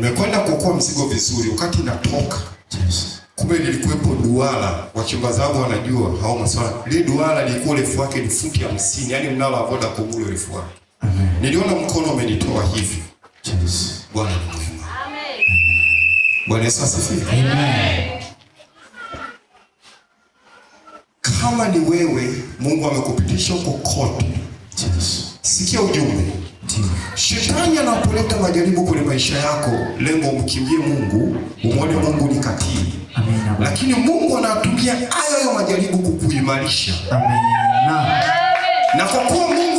Nimekwenda kuokoa mzigo vizuri, wakati natoka kumbe nilikuwepo duara. Wachumba zangu wanajua hao maswala. Ile duara lilikuwa urefu wake ni futi hamsini, yani mnalo wa Vodacom ule urefu wake. Niliona mkono umenitoa hivi. Bwana ni mwema. Bwana Yesu asifiwe. Amen. Kama ni wewe, Mungu amekupitisha huko kote. Sikia ujumbe Shetani anapoleta majaribu kwenye maisha yako, lengo umkimbie Mungu, umwone Mungu ni katili. Amina. Lakini Mungu anatumia hayo hayo majaribu kukuimarisha. Amina. Na kwa kuwa Mungu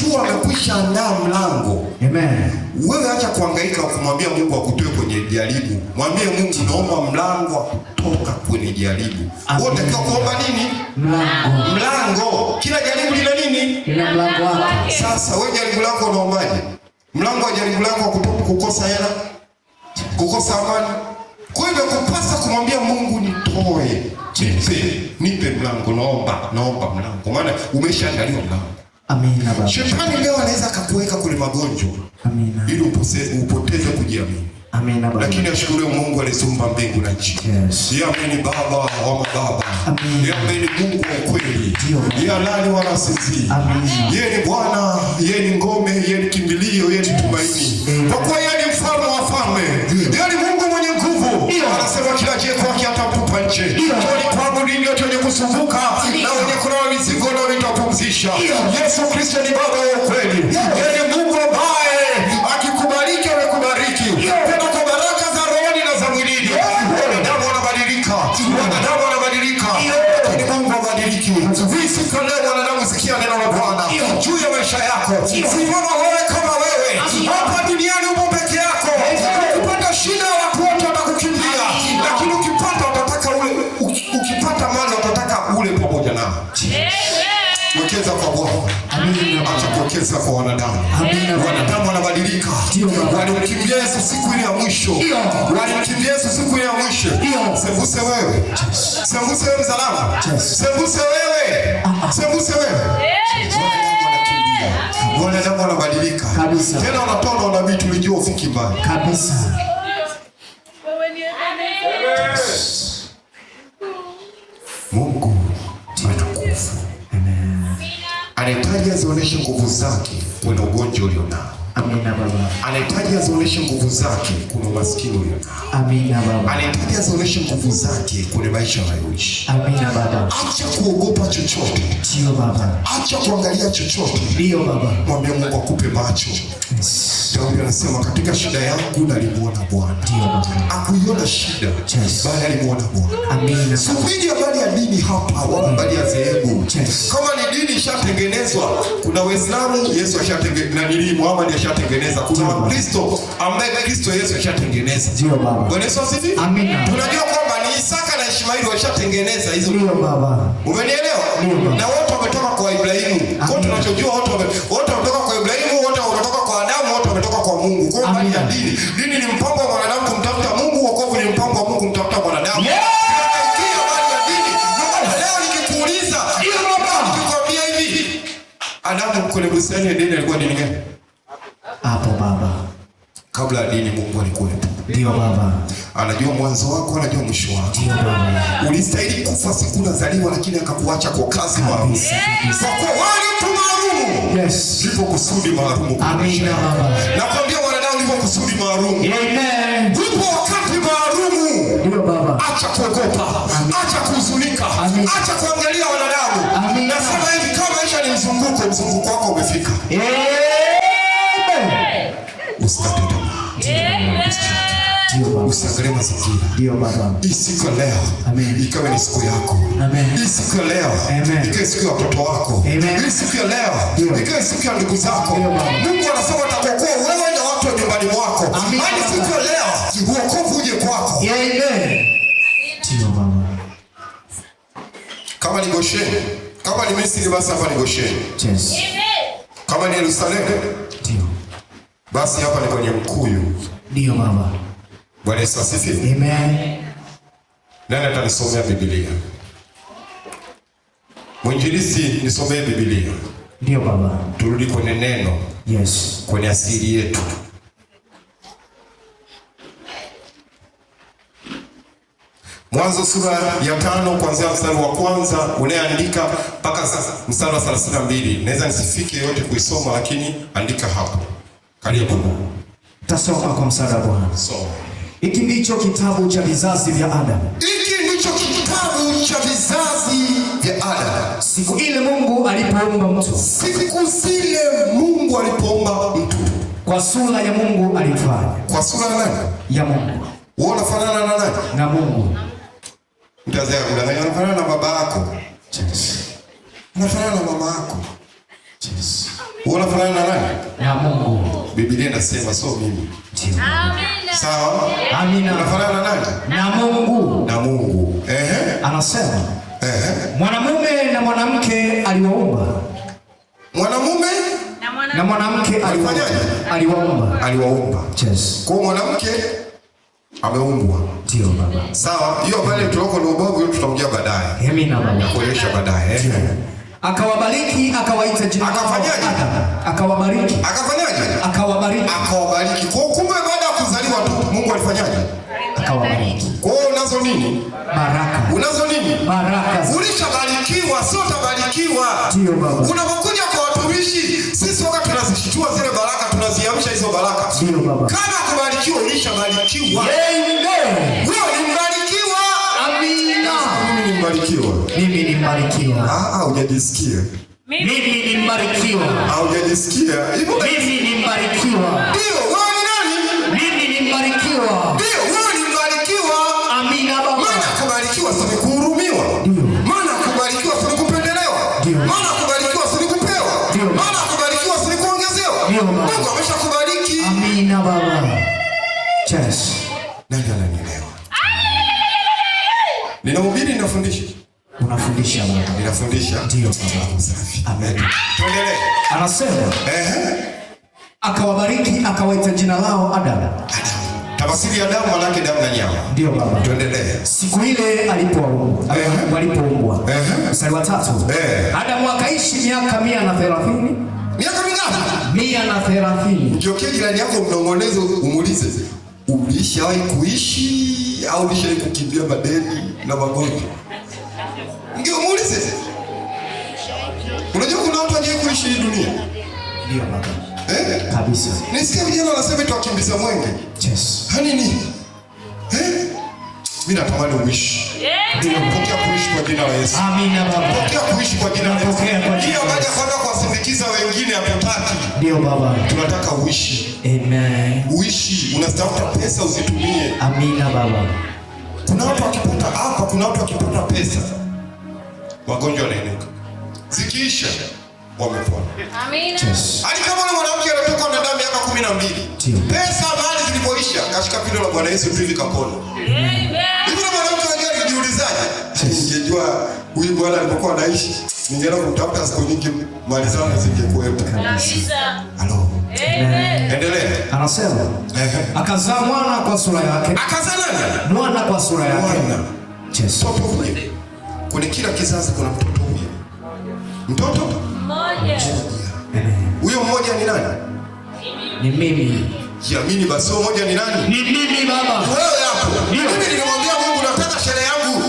jua amekwisha andaa mlango. Amen. Wewe acha kuhangaika kumwambia Mungu akutoe kwenye jaribu. Mwambie Mungu, naomba mlango kutoka kwenye jaribu. Wote kwa kuomba nini? Mlango. Mlango. Kila jaribu lina nini? Lina mlango wake. Sasa wewe jaribu lako unaombaje? Mlango wa jaribu lako kutoka kukosa hela, kukosa amani. Kwa hivyo kupasa kumwambia Mungu nitoe, nipe, nipe mlango, naomba, naomba mlango. Maana umeshaandaliwa mlango. Amina baba. Shetani leo anaweza akakuweka kule magonjwa. Amina. Ili upoteze upoteze kujiamini. Amina baba. Lakini ashukuriwe Mungu aliyeumba mbingu na nchi. Yes. Yeye ambaye baba wa mababa. Amina. Yeye ambaye Mungu wa kweli. Ndio. Yeye alali wala sisi. Amina. Yeye ni Bwana, yeye ni ngome, yeye ni kimbilio, yeye ni tumaini. Kwa kuwa yeye ni mfalme wa wafalme. Yeye ni Mungu mwenye nguvu. Anasema kila jeko yake atatupa nje. Kwa ni kwa nini yote yenye kusumbuka na wenye kunawa mizigo na kumpumzisha. Yesu Kristo ni Baba wa ukweli. yeye tunapokeza kwa Bwana, tunapokeza kwa wanadamu. Amina. Wanadamu wanabadilika, walimkimbia Yesu siku ile ya mwisho, walimkimbia Yesu siku ile ya mwisho. Sembuse wewe, sembuse wewe salama. sembuse wewe, ah, ah. sembuse wewe wanadamu wanabadilika kabisa. Tena unatoa na unabii, tulijua ufiki mbali kabisa. alionyesha nguvu zake kwenye ugonjwa ulionao. Amina baba. Anahitaji azoneshe nguvu zake kwa maskini huyo. Amina baba. Anahitaji azoneshe nguvu zake kwa maisha anayoishi. Amina baba. Acha kuogopa chochote. Ndio baba. Acha kuangalia chochote. Ndio baba. Mwambie Mungu akupe macho. Yes. Daudi anasema katika shida yangu nalimuona Bwana. Ndio baba. Akuiona shida, yes. Bali alimuona Bwana. Amina. Sipige habari ya dini hapa wala habari ya dhehebu. Yes. Kama ni dini ishatengenezwa, kuna Waislamu Yesu ashatengeneza na nini Muhammad ameshatengeneza. Kuna Wakristo ambaye Kristo Yesu ameshatengeneza. Ndio baba. Bwana Yesu asifiwe. Amina. Tunajua kwamba ni Isaka na Ishmaeli washatengeneza hizo. Ndio baba. Umenielewa? Na wote wametoka kwa Ibrahimu. Kwa tunachojua wote wote wametoka kwa Ibrahimu, wote wametoka kwa Adamu, wote wametoka kwa Mungu. Kwa maana ya dini, dini ni mpango wa mwanadamu kumtafuta Mungu, wokovu ni mpango wa Mungu kumtafuta mwanadamu. Adamu kule bustani ya Edeni alikuwa nini gani? kabla ya dini Mungu alikuwepo. Ndio baba. Anajua mwanzo wako, anajua mwisho wako. Ndio baba. Ulistahili kufa siku unazaliwa, lakini akakuacha kwa kazi maalum. Kwa kwa wali tu maalum. Yes. Ndipo kusudi maalum. Amina baba. Nakwambia wanadamu ndipo kusudi maalum. Amen. Ndipo wakati maalum. Ndio baba. Acha kuogopa. Acha kuhuzunika. Acha kuangalia wanadamu. Nasema hivi kama maisha ni mzunguko, mzunguko wako umefika. Amen. usiangalie mazingira. Ndio Baba, hii siku ya leo ikawe ni siku yako. Hii siku ya leo ikawe siku ya watoto wako. Hii siku leo ikawe siku ya ndugu zako. Mungu anasema atakuokoa wewe na watu wa nyumbani mwako. Hadi siku ya leo wokovu uje kwako. Kama ni Gosheni, kama ni Misri, basi hapa ni Gosheni. Kama ni Yerusalemu, basi hapa ni kwenye mkuyu. Ndio Baba. Bwana Yesu asifiwe. Amen. Nani atanisomea Biblia? Mwinjilisi, nisomee Biblia. Ndio baba. Turudi kwenye neno. Yes. Kwenye asili yetu. Mwanzo sura ya tano kuanzia mstari wa kwanza unayeandika mpaka sasa mstari wa 32. Naweza nisifike yote kuisoma lakini andika hapo. Karibu. Tasoma kwa msaada wa Bwana. Soma. Hiki ndicho kitabu cha vizazi vya Adamu. Hiki ndicho kitabu cha vizazi vya Adamu. Siku ile Mungu alipoumba mtu. Siku zile Mungu alipoumba mtu. Kwa sura ya Mungu alifanya. Kwa sura ya nani? Ya Mungu. Wewe unafanana na nani? Na Mungu. Mtazea unafanana na baba yako. Unafanana na mama yako fulani na nani? Na Mungu. Biblia inasema so mimi. Amina. Sawa? Amina. fulani na nani? Na Mungu. Na Mungu. Ehe. Anasema. Ehe. Mwanamume na mwanamke aliwaumba. Mwanamume na mwanamke alifanyaje? Aliwaumba. Aliwaumba. Yes. Kwa mwanamke ameumbwa. Ndio baba. Sawa, hiyo pale tuloko ni ubovu tutaongea baadaye. Amina baba. Kuonyesha baadaye akawabariki akawaita jina akafanyaje? Akawabariki akafanyaje? Akawabariki akawabariki. Kwa kumbe, baada ya kuzaliwa tu Mungu alifanyaje? Akawabariki. Kwa hiyo unazo nini? Baraka. Unazo nini? Baraka. Ulishabarikiwa, sio utabarikiwa. Ndio baba. Unapokuja kwa watumishi, sisi wakati tunazishitua zile baraka, tunaziamsha hizo baraka. Ndio baba. Kama kubarikiwa, ulishabarikiwa. Amen. Wewe ni mimi ni mbarikiwa. Mimi ni mbarikiwa. Ah, ah, hujajisikia. Mimi ni mbarikiwa. Ah, Hujajisikia. Mimi ni mbarikiwa. Ndio, wewe ni nani? Mimi ni mbarikiwa. Ndio, wewe ni mbarikiwa. Amina baba. Maana kubarikiwa sio kuhurumiwa. Ndio. Maana kubarikiwa sio kupendelewa. Ndio. Maana kubarikiwa sio kupewa. Ndio. Maana kubarikiwa sio kuongezewa. Ndio. Mungu ameshakubariki. Amina baba. Yes. Nani ananielewa? Ninahubiri, ninafundisha. Unafundisha baba. Ninafundisha. Ndio baba. Safi. Amen. Tuendelee. Anasema, ehe. Akawabariki akawaita jina lao Adamu. Tafasiri ya Adamu maana yake damu na nyama. Ndio baba. Tuendelee. Siku ile alipoumbwa. Ehe. Walipoumbwa. Ehe. Mstari wa 3. Ehe. Adamu akaishi miaka mia na 130. Miaka mingapi? Mia na thelathini. Jokia jirani yako mnongonezo umulize. Ulishawahi kuishi hii au nishai kukimbia madeni na magonjwa? Mngemuulize sasa. Unajua kuna watu wajai kuishi hii dunia. Ndio baba. Eh? Kabisa. Nisikie vijana wanasema tuwakimbiza mwenge. Yes. Hani nini? Mimi natamani uishi. Ninapokea kuishi kwa jina la Yesu. Amina baba. Ninapokea kuishi kwa jina la Yesu. Ndio baada kwenda kuwasindikiza wengine hatutaki. Ndio baba. Tunataka uishi. Amen. Uishi, unatafuta pesa uzitumie. Amina baba. Kuna watu wakipata hapa, kuna watu wakipata pesa. Wagonjwa wanaeneka. Zikiisha wamepona. Amina. Hadi kama na mwanamke anatoka na damu miaka 12. Pesa mali zilipoisha, kashika pindo la Bwana Yesu tu likapona. Amen. Ningejua huyu bwana alipokuwa anaishi, ningeenda kumtafuta siku nyingi, mali zangu zingekuwepo. Halo. Endelea. Anasema akazaa mwana kwa sura yake. Akazaa nani? Mwana kwa sura yake. Yesu. Mtoto huyu. Kwenye kila kizazi kuna mtoto huyu. Mtoto mmoja. Huyo mmoja ni nani? Ni mimi. Jiamini basi, huyo mmoja ni nani? Ni mimi baba. Wewe hapo. Mimi nilimwambia Mungu nataka sherehe yangu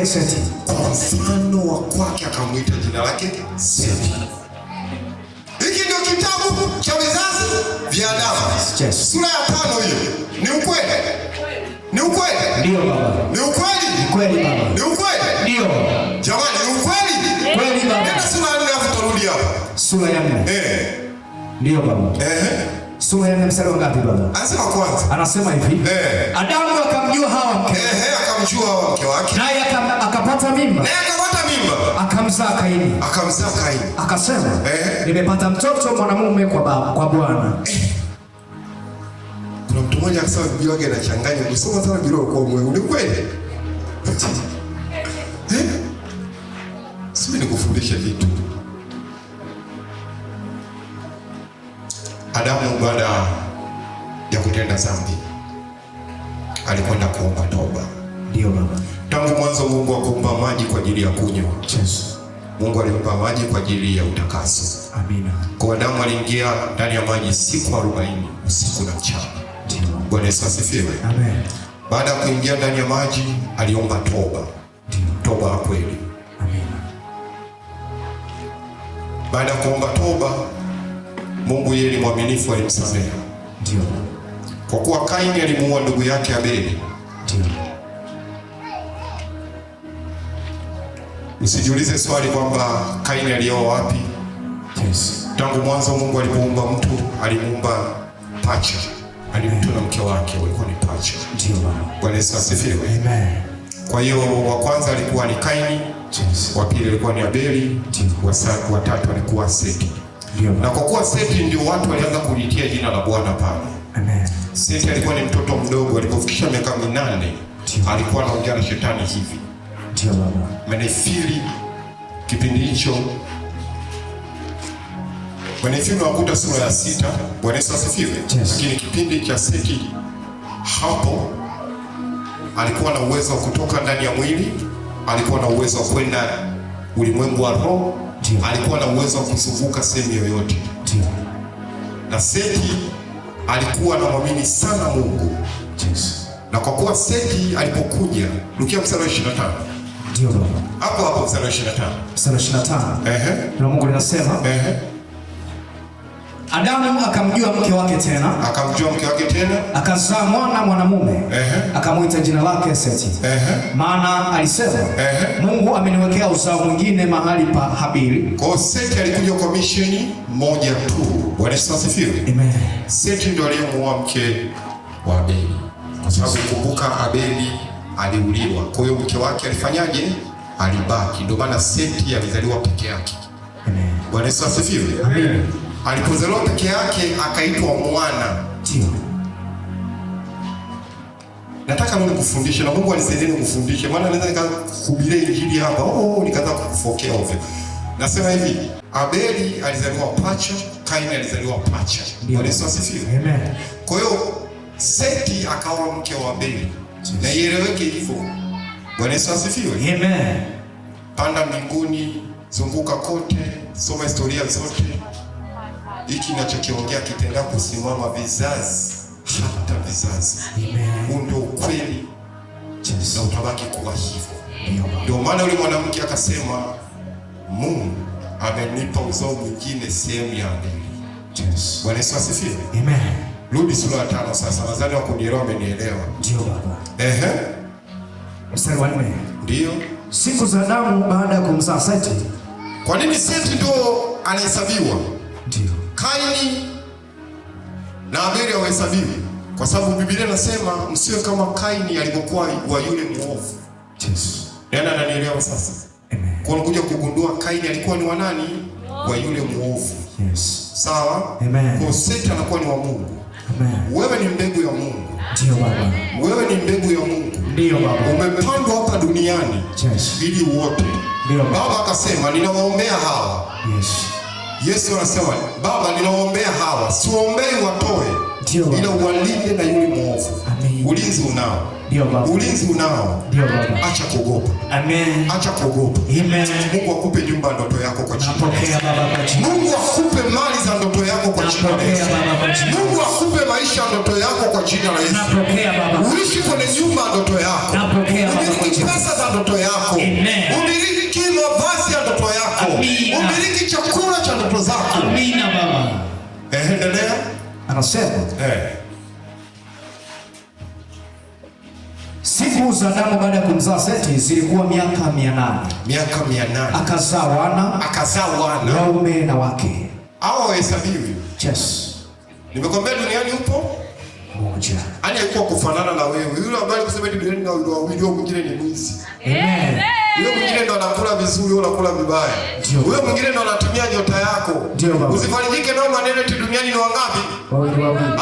Yesu Seti. kwa mfano wa kwake akamwita jina lake Seti. Hiki ndio kitabu cha vizazi vya Adamu, sura ya tano. Hiyo ni ukweli, ni ukweli, ndio baba, ni ukweli, ni kweli baba, ni ukweli, ndio jamani, ni ukweli, kweli baba. sura ya nne, afu turudi hapa, sura ya nne, eh, ndio baba, eh Sura ya mstari ngapi baba? Anasema kwanza. Anasema hivi. Eh. Adamu akamjua Hawa mke. Eh, eh, akamjua Hawa mke wake. Naye akapata mimba. Naye eh, akapata mimba. Akamzaa Kaini. Akamzaa Kaini. Akasema, eh, nimepata mtoto mwanamume kwa baba, kwa Bwana. Eh. Kuna mtu mmoja akasema Biblia yake inachanganya. Kusoma sana Biblia kwa mwe. Ni kweli? Eh? Sisi nikufundishe vitu. Adamu baada ya kutenda dhambi alikwenda kuomba toba. Ndio baba. Tangu mwanzo Mungu akumpa maji kwa ajili ya kunywa. Yes. Mungu alimpa maji kwa ajili ya utakaso. Amina. Kwa Adamu aliingia ndani ya maji siku 40 usiku na mchana. Ndio. Bwana Yesu asifiwe. Amen. Baada ya kuingia ndani ya maji aliomba toba. Ndio. Toba ya kweli. Amina. Baada ya kuomba toba Mungu yeye ni mwaminifu, alimsamehe. Ndio. Kwa kuwa Kaini alimuua ndugu yake Abeli. Ndio. Usijiulize swali kwamba Kaini alioa wapi. Yes. Tangu mwanzo Mungu alipoumba mtu, alimuumba pacha. Alimtoa na mke wake walikuwa ni pacha. Ndio Bwana. Bwana Yesu asifiwe. Amen. Kwa hiyo wa kwanza alikuwa ni Kaini. Yes. Wa pili alikuwa ni Abeli. Wa tatu alikuwa Seti na kwa kuwa Seti ndio watu walianza kulitia jina la Bwana pale. Seti alikuwa ni mtoto mdogo, alipofikisha miaka minane alikuwa anaongea na shetani hivi. Menefili kipindi hicho, Menefili Wakuta sura ya sita. Bwana Yesu asifiwe. Lakini kipindi cha Seti hapo alikuwa na uwezo wa kutoka ndani ya mwili, alikuwa na uwezo wa kwenda ulimwengu wa roho alikuwa na uwezo wa kusuvuka sehemu yoyote, na Seti alikuwa anamwamini sana Mungu Jesus. Na kwa kuwa Seti alipokuja, Lukia mstari wa 25 Ndio baba. hapo hapo mstari wa 25 mstari wa 25 Ehe. Na Mungu linasema Adamu akamjua mke wake tena, akamjua mke wake tena, akazaa mwana mwanamume, akamwita jina lake Seti, maana alisema Mungu ameniwekea uzao mwingine mahali pa Habili. Kwa Seti alikuja kwa misheni moja tu. Bwana asifiwe. Amen. Seti ndio aliyemuoa mke wa Abeli, kwa sababu kumbuka, Abeli aliuliwa, kwa hiyo mke wake alifanyaje? Alibaki. Ndio maana Seti alizaliwa peke yake. Amen. Bwana asifiwe. Amen. Alipozaliwa peke yake akaitwa mwana. Ndio. Nataka Mungu kufundisha na Mungu anisaidie nikufundishe, maana naweza nikahubiria injili hapa oh, oh, nikaanza kukufokea ovyo. Nasema hivi, Abeli alizaliwa pacha, Kaini alizaliwa pacha. Bwana Yesu asifiwe. Amen. Kwa hiyo Seti akaoa mke wa Abeli. Na ieleweke hivyo. Bwana Yesu asifiwe. Amen. Panda mbinguni, zunguka kote, soma historia zote hiki nachokiongea kitenda kusimama vizazi hata vizazi. Huu ndio ukweli na utabaki kuwa hivyo. Ndio maana yule mwanamke akasema, Mungu amenipa uzao mwingine sehemu ya mbili. Bwana Yesu asifiwe. Amen. Rudi sura ya tano sasa, nadhani wakunielewa, amenielewa. Ndio baba. Ehe, mstari wa nne. Ndio siku za damu baada ya kumzaa Seti. Kwa nini Seti ndio anahesabiwa? Ndio Kaini na Abeli hawahesabiwi, kwa sababu Biblia inasema msiwe kama Kaini alivyokuwa wa yule mwovu. Yes. Nena ananielewa sasa. Kwa kuja kugundua Kaini alikuwa ni wa nani? Wa yule mwovu. Yes. Sawa? Amen. Kwa Shetani anakuwa ni wa Mungu. Amen. Wewe ni mbegu ya Mungu. Ndio baba. Wewe ni mbegu ya Mungu. Ndio baba. Umepandwa hapa duniani. Yes. Ili uote. Baba akasema ninawaombea hawa. Yes. Yesu anasema Baba, ninaombea hawa, siwaombei watoe, ila uwalinde na yule mwovu. Ulinzi unao. Ndio baba. Ulinzi unao. Ndio baba. Acha kuogopa. Amen. Acha kuogopa. Amen. Mungu akupe nyumba ndoto yako kwa jina. Napokea baba kwa jina. Mungu akupe mali za ndoto yako kwa jina. Napokea baba kwa jina. Mungu akupe maisha ndoto yako kwa jina la Yesu. Napokea baba. Uishi kwenye nyumba ndoto yako. Napokea baba. Umiliki pesa za ndoto yako. Amen. Umiliki mavazi ya ndoto yako. Amina. Umiliki chakula cha ndoto zako. Amina baba. Eh, endelea. Anasema. Eh. Siku za Adamu baada ya kumzaa Seti zilikuwa miaka mia Miaka 800. Akazaa wana, akazaa wana, waume na wake. Hao hesabiwi. Yes. Nimekwambia duniani upo mmoja. Ani alikuwa kufanana na wewe. Yule ambaye kusema duniani na wawili au mwingine ni mwizi. Amen. Amen. Yule mwingine ndo anakula vizuri, wewe unakula vibaya. Huyo mwingine ndo anatumia nyota yako. Usifarijike nao maneno eti duniani ni wangapi?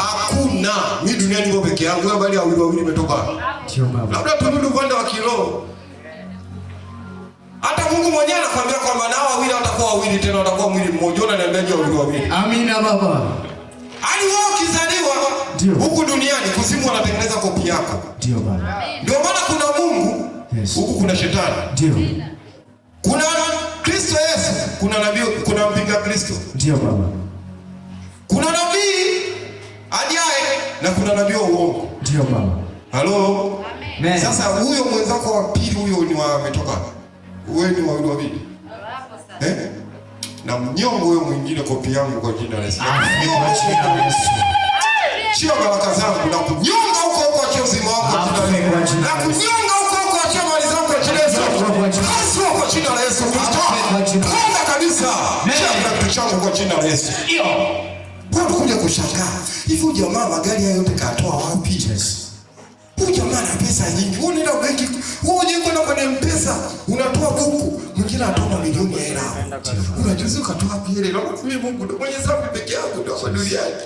Hakuna. Mimi duniani niko peke yangu. Hiyo bali ya wawili wawili imetoka. Labda turudi kwenda wa kiroho. Hata Mungu mwenyewe anakuambia kwamba nao wawili watakuwa wawili tena watakuwa mwili mmoja. Unaniambiaje wawili wawili? Amina baba. Hadi yaani wewe ukizaliwa huku duniani kuzimu wanatengeneza kopi yako. Ndio baba. Ndio maana kuna huku kuna shetani, ndio kuna Kristo Yesu, kuna nabii, kuna mpinga Kristo, ndio baba, kuna nabii ajaye na kuna nabii wa uongo, ndio baba. Halo, amen. Sasa huyo mwenzako wa pili huyo ni wa ametoka wewe ni wa wa bibi eh, na mnyongo huyo mwingine, kopi yangu kwa jina la Yesu, ah, sio baraka zangu na kunyonga huko huko, chozi mwako kwa jina la Yesu. na kunyonga Lazima kwa jina la Yesu Kristo. Kwanza kabisa kila kitu chako kwa jina la Yesu. Ndio. Bwana kuja kushangaa. Hivi jamaa magari haya yote katoa wapi? Yes. Huyu jamaa ana pesa nyingi. Wewe unaenda benki, wewe unaje kwenda kwenye M-Pesa, unatoa buku, mwingine anatoa milioni ya hela. Unajuzi ukatoa pia hela. Mimi Mungu ndio mwenye sababu pekee yangu ndio duniani.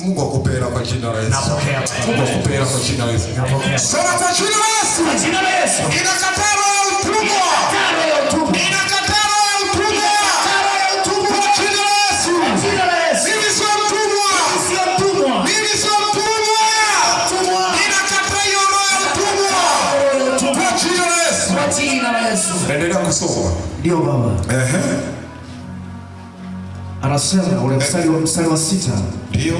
Mungu akupea kwa jina la Yesu. Napokea. Mungu akupea kwa jina la Yesu. Napokea. Sema kwa jina la Yesu. Kwa jina la Yesu. Inakataa roho ya utumwa. Inakataa roho ya utumwa. Ninakataa roho ya utumwa. roho ya utumwa. Kwa jina la Yesu. Kwa jina la Yesu. Mimi sio mtumwa. Mimi sio mtumwa. Mimi sio mtumwa. Mtumwa. hiyo roho ya utumwa. Kwa jina la Yesu. Kwa jina la Yesu. Endelea kusoma. Ndio baba. Ehe. Anasema ule mstari wa mstari wa sita. Ndio.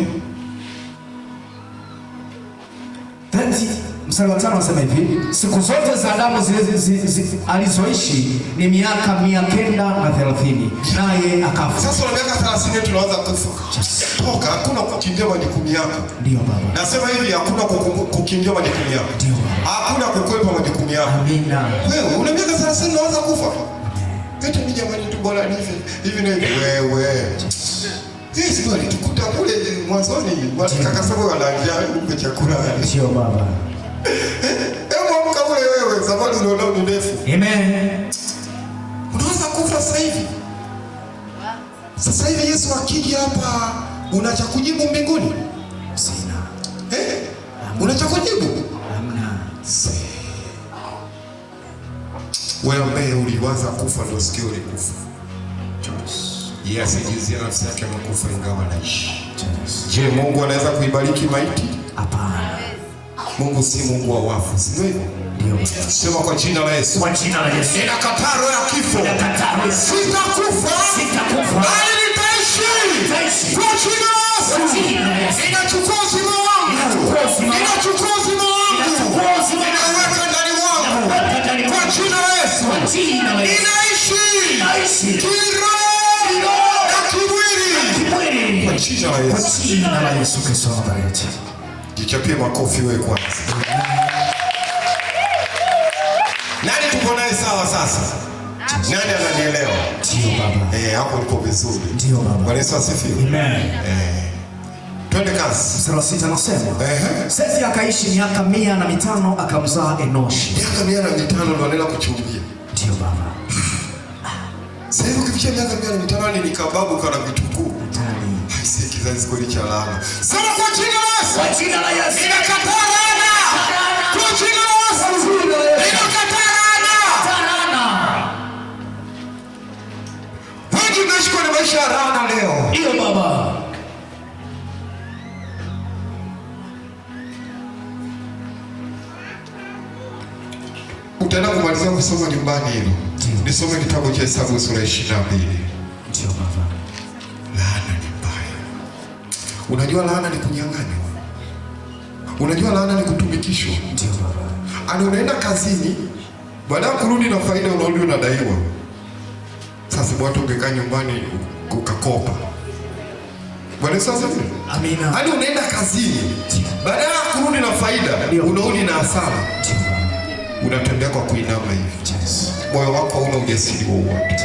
30 mstari wa 5 anasema hivi, siku zote za Adamu zile alizoishi ni miaka 930 naye akafa. Sasa una miaka 30 tunaanza kufa. Toka, hakuna kukimbia majukumu yako. Ndio baba. Nasema hivi hakuna kukimbia majukumu yako. Ndio baba. Hakuna kukwepa majukumu yako. Amina. Wewe una miaka 30 unaanza kufa. Eti ni jamani tu bora hivi hivi na hivi. Wewe. Kristo alitukuta kule mwanzoni, watakaka sababu wanaangia kumbe chakula. Sio baba. Hebu amka ule wewe, safari unaona ni ndefu. Amen. Unaweza kufa sasa hivi. Sasa hivi Yesu akiji hapa, una cha kujibu mbinguni? Sina. Eh? Una cha kujibu? Hamna. Wewe ambaye uliwaza kufa ndio sikio ulikufa yeye asijizie nafsi yake amekufa ingawa anaishi. Je, Mungu anaweza kuibariki maiti? Hapana. Mungu si Mungu wa wafu, si ndio? Sema kwa jina la Yesu. Kwa jina la Yesu. Ninakataa roho ya kifo. Sitakufa. Sitakufa. Bali nitaishi. Kwa jina la Yesu. Kwa jina la Yesu. Ninachukua uzima wangu. Ninachukua uzima wangu. Ninaweka ndani wangu. Kwa jina la Yesu. Ninaishi. Ninaishi. Kiroho. Kwa jina la Yesu Kristo wa Nazareti. Jichapie makofi wewe kwanza. Nani tuko naye sawa sasa? Nani ananielewa? Ndio baba. Eh, hapo uko vizuri. Ndio baba. Bwana Yesu asifiwe. Amen. Eh. Twende kazi. Sura sita nasema. Eh. Seti akaishi miaka mia na mitano akamzaa Enoshi. Miaka mia na mitano ndo anaenda kuchumbia. Ndio baba. Sasa ukifikia miaka mia na mitano yaani ni kababu kana vitunguu kizazi kweli cha laana. Sema kwa jina la Yesu. Kwa jina la Yesu. Ninakataa laana. Kwa jina la Yesu. Ninakataa laana. Wengi mnaishi kwenye maisha ya laana leo. Ndio baba. Utaenda kumalizia kusoma nyumbani hilo. Nisome kitabu cha Hesabu sura ya 22. Ndio baba. Unajua laana ni kunyang'anywa, unajua laana ni kutumikishwa. Ani, unaenda kazini, baada ya kurudi na faida unarudi unadaiwa. Sasa watu ungekaa nyumbani ukakopa. Bwana sasa. Amina. Ani, unaenda kazini, baada ya kurudi na faida unarudi na hasara, unatembea kwa kuinama hivi. Yes moyo wako hauna ujasiri wowote.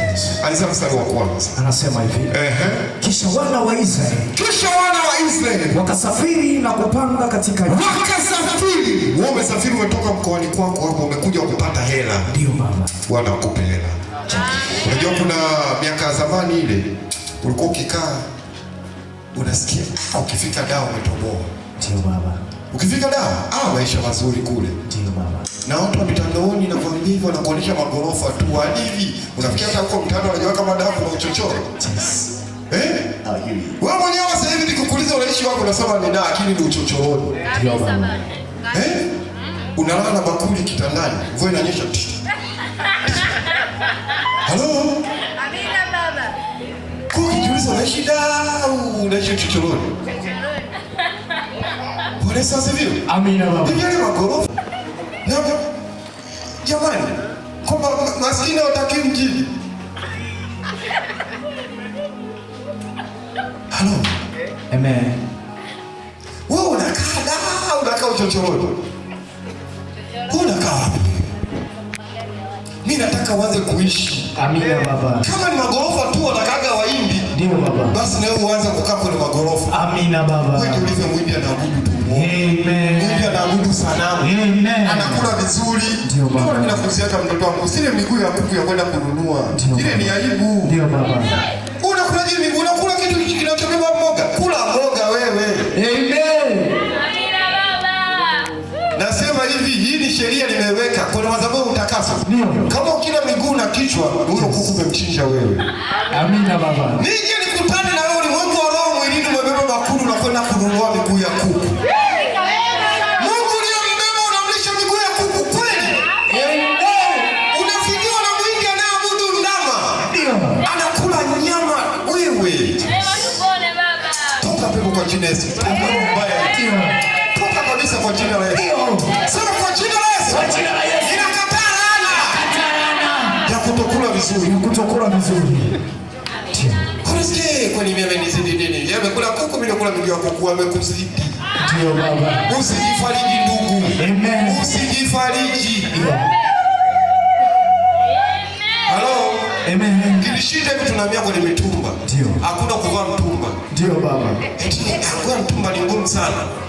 Alisema mstari wa kwanza, anasema hivi ehe, kisha wana wa Israeli, kisha wana wa Israeli wakasafiri na kupanga katika nchi. Wakasafiri, wewe umesafiri, umetoka mkoani kwako hapo, umekuja kupata hela, ndio baba Bwana akupe hela. Unajua kuna miaka zamani ile ulikuwa ukikaa unasikia ukifika dawa umetoboa, ndio baba Ukifika da ah, maisha mazuri kule. Ndio mama. Na watu wa mitandaoni na kwa hivyo wanakuonyesha magorofa tu hivi. Unafikia hata huko mtandao unajua kama dawa na uchochoro. Yes. Eh? Ah, Wewe mwenyewe sasa hivi nikukuuliza unaishi wako unasema ni dawa lakini ni uchochoro. Ndio mama. Eh? Unalala na bakuli kitandani. Mvua inanyesha. Halo? Amina baba. Kujiuliza unaishi dawa unaishi uchochoro. Bwana Yesu Amina baba. Hivi ni magorofa. Na jamani, kwamba maskini hawataki mjini. Halo. Amen. Wewe unakaa da, unakaa uchochoroni. Unakaa wapi? Mimi nataka uanze kuishi. Amina baba. Kama ni magorofa tu watakaga waimbi. Ndio baba. Basi na wewe uanze kukaa kwenye magorofa. Amina ah, baba. Wewe ndio ulivyo mwimbi Mtu anaabudu sanamu, anakula vizuri, inafuziaka mtoto wangu, sile miguu ya kuku ya kwenda kununua, ile ni aibu. Unakulaje miguu? Unakula kitu kinachobeba mboga? Kula mboga wewe. Nasema hivi, hii ni sheria nimeweka kwenye madhabahu utakasa. Kama ukila miguu na kichwa, huyo kuku umemchinja wewe. Amina baba. Nije nikutane na wewe ulimwengu uliyebeba bakuli unakwenda kununua miguu ya kuku. Mungu uliyembeba unamlisha miguu ya kuku kweli? Unafikiwa na mwingi anayeabudu ndama, anakula nyama wewe. Toka pepo kwa jina la Yesu. Toka kabisa kwa jina la Yesu. Sema kwa jina la Yesu. Kwa jina la Yesu. Inakataa laana ya kutokula vizuri, kutokula vizuri mimi amenizidi nini? Yeye amekula kuku, mimi nakula miguu ya kuku, amekuzidi. Ndio baba. Usijifariji ndugu. Amen. Usijifariji. Halo. Amen. Kilishida hivi tunahamia kwenye mitumba. Ndio. Hakuna kuvaa mtumba. Ndio baba. Eti kuvaa mtumba ni ngumu sana.